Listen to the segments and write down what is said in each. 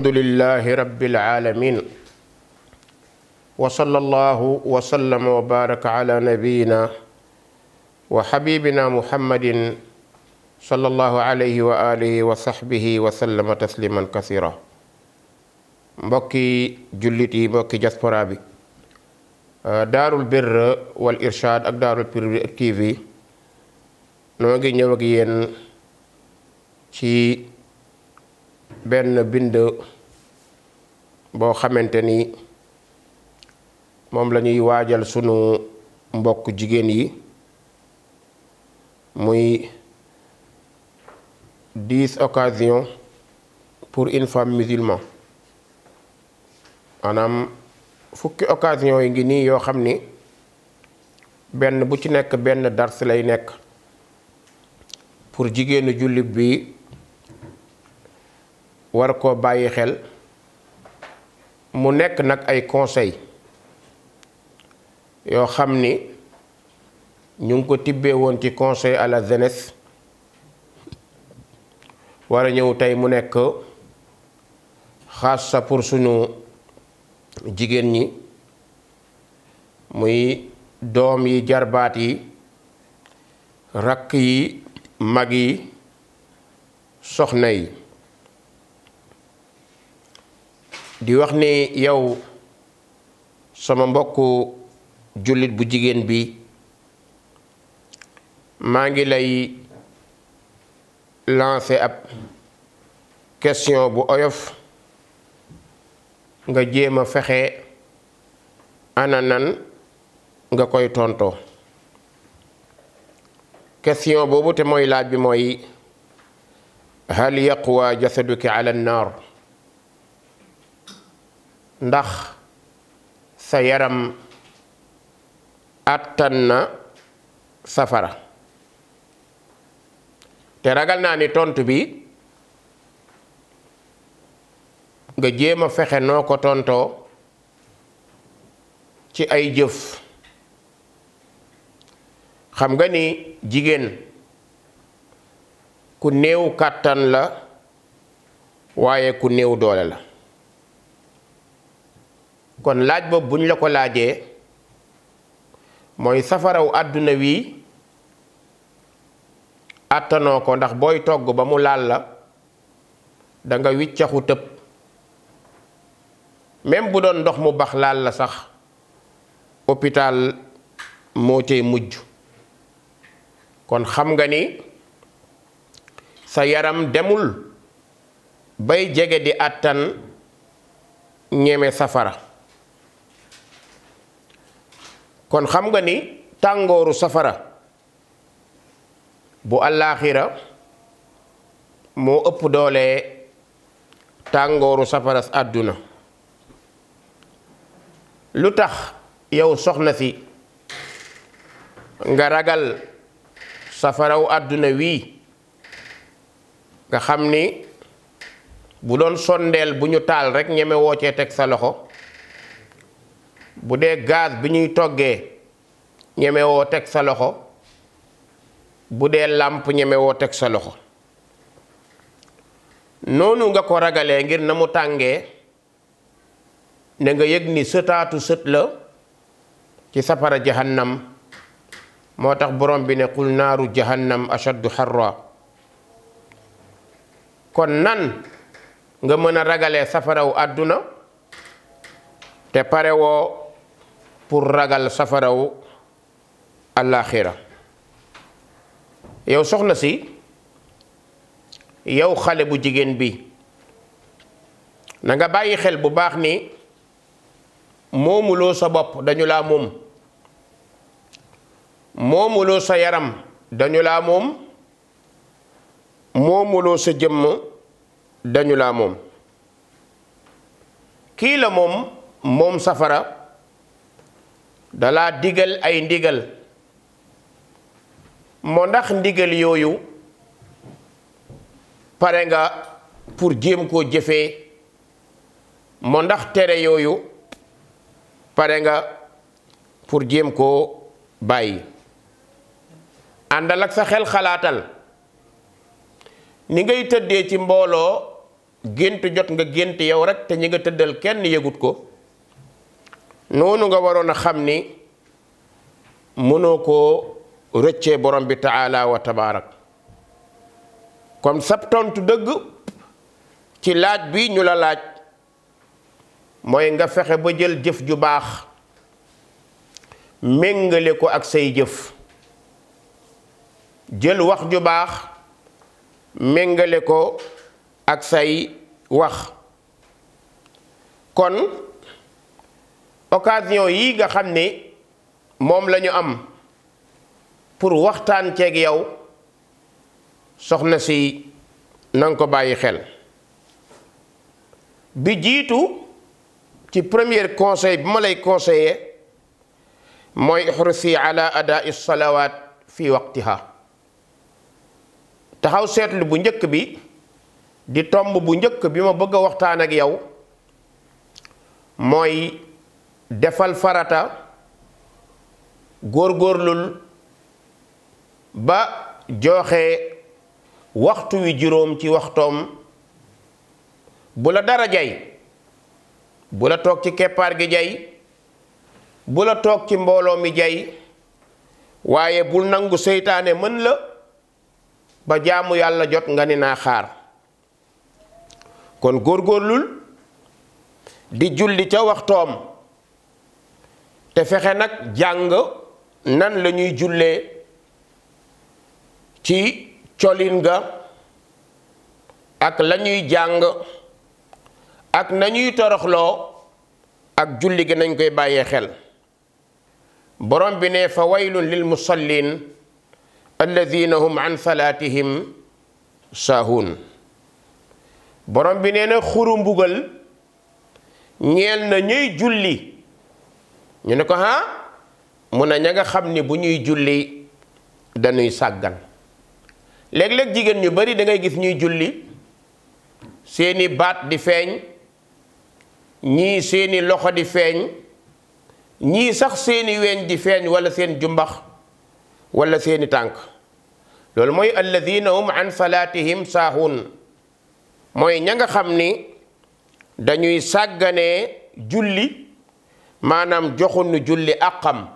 alhamdulillahi rabbil alamin wa sallallahu wa sallama wa baraka ala nabiyina wa habibina muhammadin sallallahu alayhi wa alihi wa sahbihi wa sallama tasliman kasira mbokki jullit yi mbokki diaspora bi ah, daarul birr wal irshad ak daarul birr tv noo ngi ñëw ak yéen ci benn bind boo xamante ni moom la ñuy waajal sunu mbokk jigéen yi muy dix occasions pour une femme musulmane maanaam fukki occasion yi ngi nii yoo xam ni benn bu ci nekk benn dars lay nekk pour jigéenu jullit bi war koo bàyyi xel mu nekk nag ay conseil yoo xam ni ñu ngi ko tibbee woon ci conseil à la jeunesse war a ñëw tey mu nekk xaas sa pour sunu jigéen ñi muy doom yi jarbaat yi rakk yi mag yi soxna yi di wax ni yow sama mbokk jullit bu jigéen bi maa ngi lay lancé ab question bu oyof nga jéem a fexe ananan nga koy tontoo question boobu te mooy laaj bi mooy hal yaqwa jasaduki ala nnaar ndax sa yaram àttan na safara te ragal naa ni tontu bi nga jéem a fexe noo ko tontoo ci ay jëf xam nga ni jigéen ku néew kàttan la waaye ku néew doole la kon laaj boobu buñ la ko laajee mooy safaraw àdduna wii àttanoo ko ndax booy togg ba mu laal la da nga wiccaxu tëb même bu doon ndox mu bax laal la sax hôpital moo cay mujj kon xam nga ni sa yaram demul bay jege di àttan ñeme safara kon xam nga ni tàngooru safara bu àllaaxira moo ëpp doole tàngooru safara àdduna lu tax yow soxna si nga ragal safaraw àdduna wii nga xam ni bu doon sondeel bu ñu taal rekk ñeme woo cee teg sa loxo bu dee gaz bi ñuy toggee ñemewoo teg sa loxo bu dee làmp ñemewoo teg sa loxo noonu nga ko ragalee ngir na mu tàngee ne nga yëg ni sëtaatu sët la ci safara jahannam moo tax borom bi ne qul naaru jahannam ashaddu harra kon nan nga mën a ragalee safarawu àdduna te parewoo pour ragal safarawu àllaaxira yow soxna si yow xale bu jigéen bi na nga bàyyi xel bu baax ni moomuloo sa bopp dañu laa moom moomuloo sa yaram dañu laa moom moomuloo sa jëmm dañu laa moom kii la moom moom safara dalaa digal ay ndigal moo ndax ndigal yooyu pare nga pour jéem koo jëfee moo ndax tere yooyu pare nga pour jéem koo bàyyi àndal ak sa xel xalaatal ni ngay tëddee ci mbooloo gént jot nga gént yow rek te ñi nga tëddal kenn yëgut ko noonu nga waroon a xam ni mënoo ko rëccee borom bi taala wa tabaarak kon sab tontu dëgg ci laaj bi ñu la laaj mooy nga fexe ba jël jëf ju baax méngale ko ak say jëf jël wax ju baax méngale ko ak say wax kon occasion yi nga xam ni moom lañu am pour waxtaan ceeg yow soxna si nanga ko bàyyi xel bi jiitu ci première conseil bi ma lay conseiller mooy ixrusi ala adaa salawaat fi waqtiha taxaw seetlu bu njëkk bi di tomb bu njëkk bi ma bëgg a waxtaan ak yow mooy defal farata góor góorgóorlul ba joxe waxtu wi juróom ci waxtoom bu la dara jay bu la toog ci keppaar gi jay bu la toog ci mbooloo mi jay waaye bu nangu seytaane mën la ba jaamu yàlla jot nga ni naa xaar kon góorgóorlul di julli ca waxtoom te fexe nag jàng nan lañuy jullee ci colin ga ak la jàng ak nañuy toroxloo ak julli gi nañ koy bàyyee xel borom bi ne fa waylun lil musallin alladina hum an salaatihim saahuun borom bi nee na xuru mbugal ñeel na ñuy julli ñu ne ko ah mu ne ña nga xam ni bu ñuy julli dañuy sàggan léeg-léeg jigéen ñu bari da ngay gis ñuy julli seeni baat di feeñ ñii seeni loxo di feeñ ñii sax seeni weñ di feeñ wala seen jumbax wala seeni tànk loolu mooy alladina hum an salaatihim saahun mooy ña nga xam ni dañuy sàgganee julli maanaam joxunu julli àqam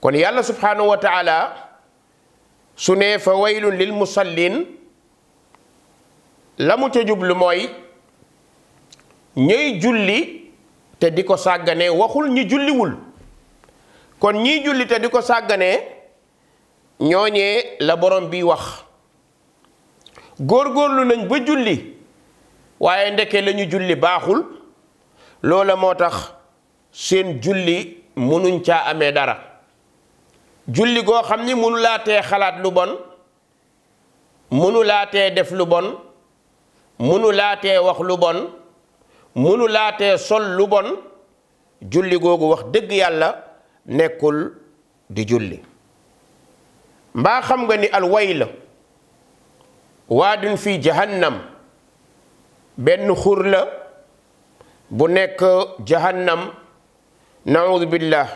kon yàlla subhanahu wa su ne fa waylun lil musallin la mu ca jublu mooy ñuy julli te di ko sàggane waxul ñi julliwul kon ñiy julli te di ko sàggane ñooñee la borom bi wax góorgóorlu nañ ba julli waaye ndeke lañu julli baaxul loola moo tax seen julli mënuñ caa ame dara julli goo xam ni mënulaa te xalaat lu bon mënulaa tee def lu bon mënulaa tee wax lu bon mënulaa tee sol lu bon julli googu wax dëgg yàlla nekkul di julli mbaa xam nga ni alwayla waadun fi jahannam benn xur la bu nekk jahannam naudu billah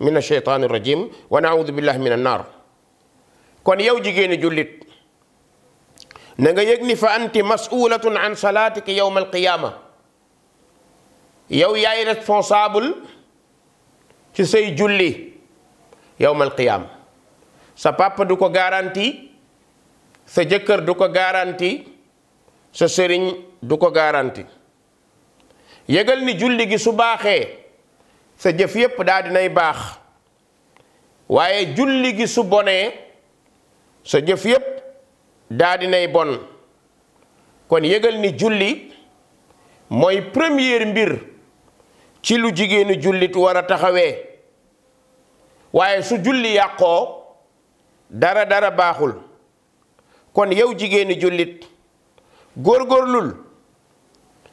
min asheytaani rajim wa naudu billah kon yow jigéeni jullit na nga yëg fa anti masulatun an salaatiki yowma alqiyaama yow yaay responsable ci say julli yowma alqiyaama sa papa du ko garanti sa jëkkër du ko garanti sa sëriñ du ko garanti yëgal ni julli gi su sa jëf yépp daa dinay baax waaye julli gi su bonee sa jëf yépp daa dinay bon kon yëgal ni julli mooy première mbir ci lu jigéenu jullit war a taxawee waaye su julli yàqoo dara dara baaxul kon yow jigéeni jullit góorgóorlul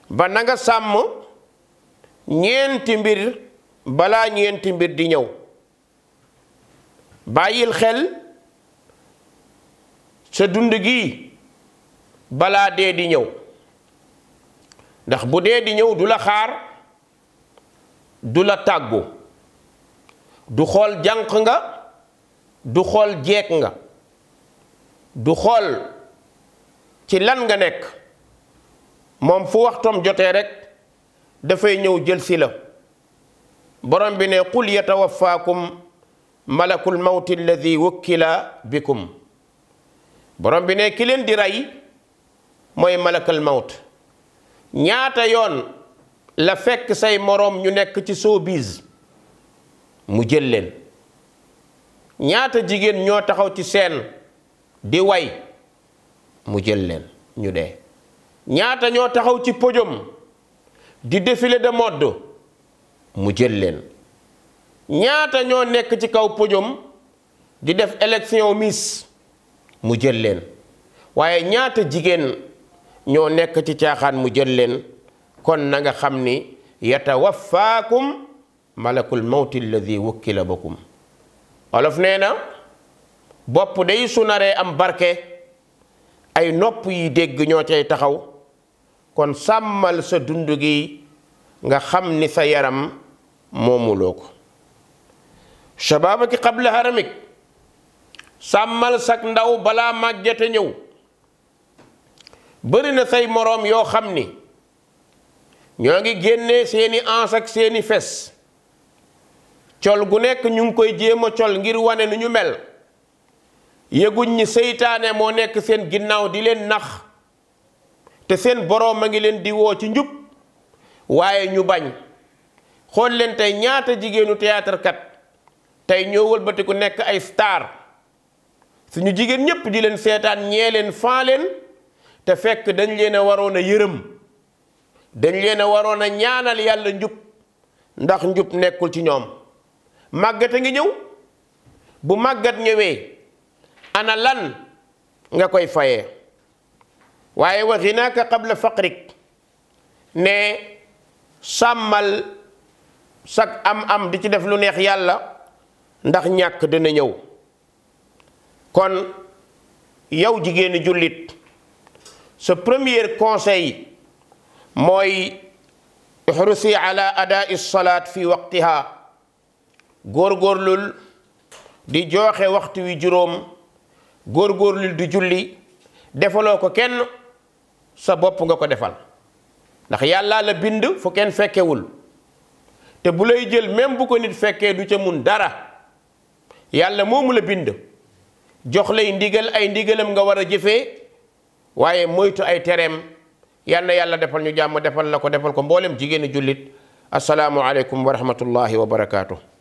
ba nanga sàmm ñeenti mbir balaa ñeenti mbir di ñëw bàyyil xel sa dund gi balaa dee di ñëw ndax bu dee di ñëw du la xaar du la tàggu du xool jànq nga du xool jeeg nga du xool ci lan nga nekk moom fu waxtoom jotee rekk dafay ñëw jël si la borom bi ne qul yatawaffaakum malakul mawti alladi wukkila bikum borom bi ne ki leen di rey mooy malakal mawt ñaata yoon la fekk say moroom ñu nekk ci showbiz mu jël leen ñaata jigéen ñoo taxaw ci seen di way mu jël leen ñu dee ñaata ñoo taxaw ci podium di défilé de mode mu jël leen ñaata ñoo nekk ci kaw podium di def élection Miss mu jël leen waaye ñaata jigéen ñoo nekk ci caaxaan mu jël leen kon nanga xam ni yatawaffaakum malakul mawti alladi wukkila bakum olof nee na bopp day su naree am barke ay nopp yi dégg ñoo cay taxaw kon sàmmal sa dundu gi nga xam ni sa yaram moomuloo ko shabaabaki qabla haramik sàmmal sak ndaw balaa màggete ñëw bëri na say moroom yoo xam ni ñoo ngi génnee seeni ans ak seeni fes col gu nekk ñu ngi koy jéem a col ngir wane nu ñu mel yëguñ ñi seytaane moo nekk seen ginnaaw di leen nax te seen boroom a ngi leen di woo ci njub waaye ñu bañ xool leen tey ñaata jigéenu théâtre kat tey ñoo wëlbati ku nekk ay star suñu jigéen ñépp di leen seetaan ñee leen faa leen te fekk dañ leen a waroon a yërëm dañ leen a waroon a ñaanal yàlla njub ndax njub nekkul ci ñoom màggat a ngi ñëw bu màggat ñëwee ana lan nga koy fayee waaye waxi naaka qabla faqrik ne sàmmal chaque am-am di ci def lu neex yàlla ndax ñàkk dana ñëw kon yow jigéenu jullit sa premier conseil mooy ihrusi ala adaa'i salaat fi waqtiha góorgóorlul di joxe waxtu wi juróom góor góorgóorlul di julli defaloo ko kenn sa bopp nga ko defal ndax yàlla la bind fu kenn fekkewul te bu lay jël même bu ko nit fekkee du ca mun dara yàlla moomu la bind jox lay ndigal ay ndigalam nga war a jëfee waaye moytu ay tereem yal na yàlla defal ñu jàmm defal la ko defal ko mboolem jigéenu jullit asalaamualeykum wa rahmatullahi wa barakaatu.